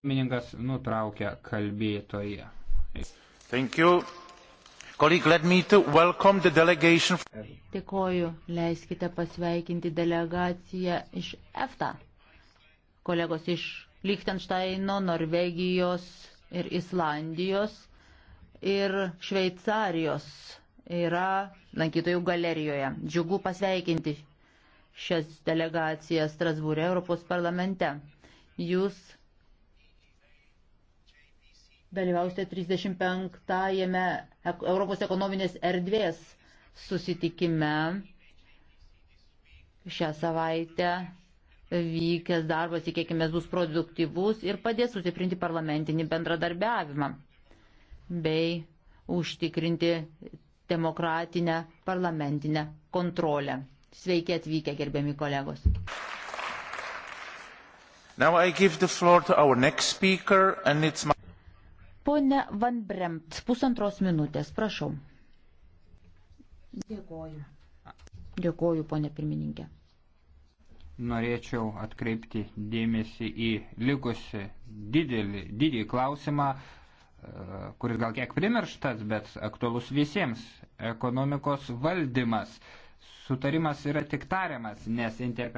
Pirmininkas nutraukia kalbėtoje. Dėkoju, leiskite pasveikinti delegaciją iš EFTA, kolegos iš Liechtensteino, Norvegijos ir Islandijos ir Šveicarijos yra lankytojų galerijoje. Džiugu pasveikinti šias delegacijas Strasbūrė Europos parlamente. Jūs dalyvausite 35-ąjame Europos ekonominės erdvės susitikime. Šią savaitę vykęs darbas, tikėkime, bus produktyvus ir padės sustiprinti parlamentinį bendradarbiavimą bei užtikrinti demokratinę parlamentinę kontrolę. Sveiki atvykę, gerbiami kolegos. Now I give the floor to our next speaker and it's my Pone Van Bremt, pusantros minutės, prašau. Dėkoju. Dėkoju, ponė pirmininkė. Norėčiau atkreipti dėmesį į likusi didelį, didį klausimą, e, kuris gal kiek primirštas, bet aktualus visiems - ekonomikos valdymas. Sutarimas yra tik tariamas, nes interpretacija.